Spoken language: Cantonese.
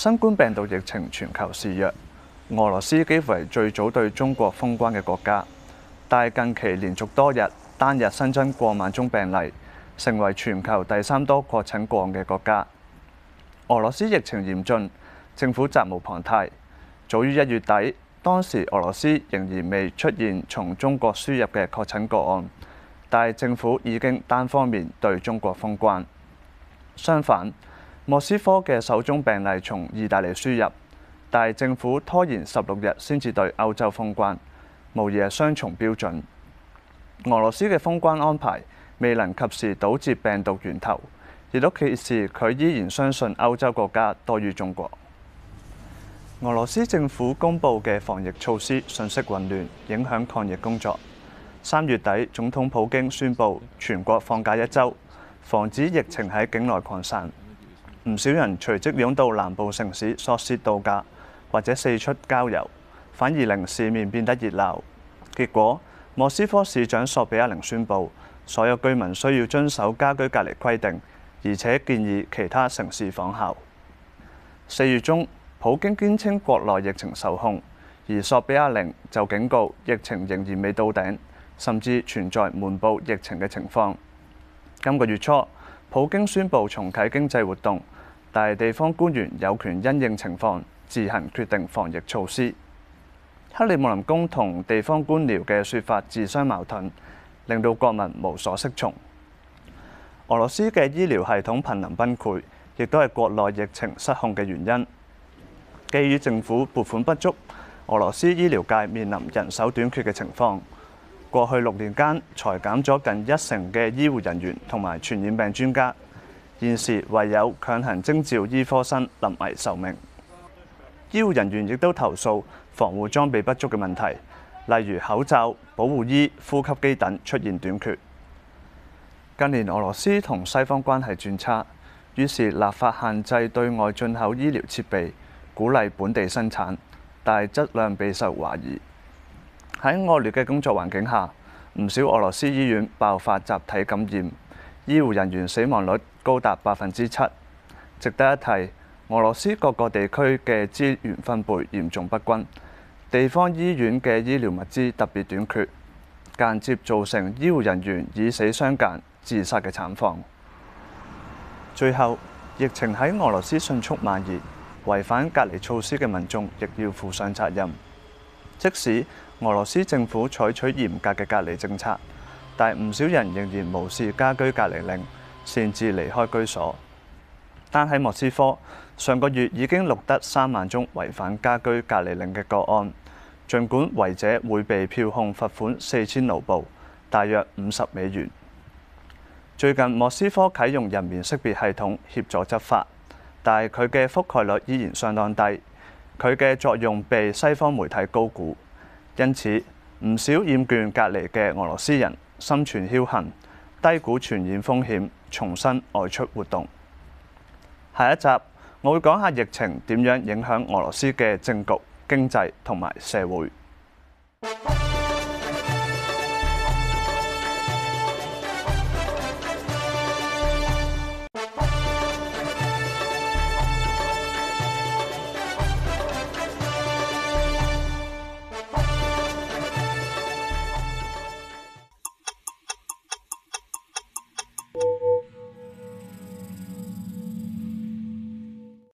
新冠病毒疫情全球肆虐，俄羅斯幾乎係最早對中國封關嘅國家，但係近期連續多日單日新增過萬宗病例，成為全球第三多確診個案嘅國家。俄羅斯疫情嚴峻，政府責無旁貸。早於一月底，當時俄羅斯仍然未出現從中國輸入嘅確診個案，但係政府已經單方面對中國封關。相反，莫斯科嘅首宗病例從意大利輸入，但政府拖延十六日先至對歐洲封關，無疑係雙重標準。俄羅斯嘅封關安排未能及時堵截病毒源頭，亦都揭示佢依然相信歐洲國家多於中國。俄羅斯政府公布嘅防疫措施信息混亂，影響抗疫工作。三月底，總統普京宣布全國放假一周，防止疫情喺境內擴散。唔少人隨即湧到南部城市索契度假或者四出郊遊，反而令市面變得熱鬧。結果，莫斯科市長索比亞寧宣布，所有居民需要遵守家居隔離規定，而且建議其他城市仿效。四月中，普京堅稱國內疫情受控，而索比亞寧就警告疫情仍然未到頂，甚至存在瞞報疫情嘅情況。今個月初，普京宣布重啟經濟活動，但係地方官員有權因應情況自行決定防疫措施。克里姆林宮同地方官僚嘅說法自相矛盾，令到國民無所適從。俄羅斯嘅醫療系統瀕臨崩潰，亦都係國內疫情失控嘅原因。基於政府撥款不足，俄羅斯醫療界面臨人手短缺嘅情況。過去六年間，裁減咗近一成嘅醫護人員同埋傳染病專家，現時唯有強行徵召醫科生臨危受命。醫護人員亦都投訴防護裝備不足嘅問題，例如口罩、保護衣、呼吸機等出現短缺。近年俄羅斯同西方關係轉差，於是立法限制對外進口醫療設備，鼓勵本地生產，但係質量備受懷疑。喺惡劣嘅工作環境下，唔少俄羅斯醫院爆發集體感染，醫護人員死亡率高達百分之七。值得一提，俄羅斯各個地區嘅資源分配嚴重不均，地方醫院嘅醫療物資特別短缺，間接造成醫護人員以死相諫自殺嘅慘況。最後，疫情喺俄羅斯迅速蔓延，違反隔離措施嘅民眾亦要負上責任，即使俄羅斯政府採取嚴格嘅隔離政策，但唔少人仍然無視家居隔離令，擅自離開居所。單喺莫斯科，上個月已經錄得三萬宗違反家居隔離令嘅個案，儘管違者會被票控罰款四千盧布，大約五十美元。最近莫斯科啟用人面識別系統協助執法，但係佢嘅覆蓋率依然相當低，佢嘅作用被西方媒體高估。因此，唔少厭倦隔離嘅俄羅斯人心存僥倖，低估傳染風險，重新外出活動。下一集，我會講下疫情點樣影響俄羅斯嘅政局、經濟同埋社會。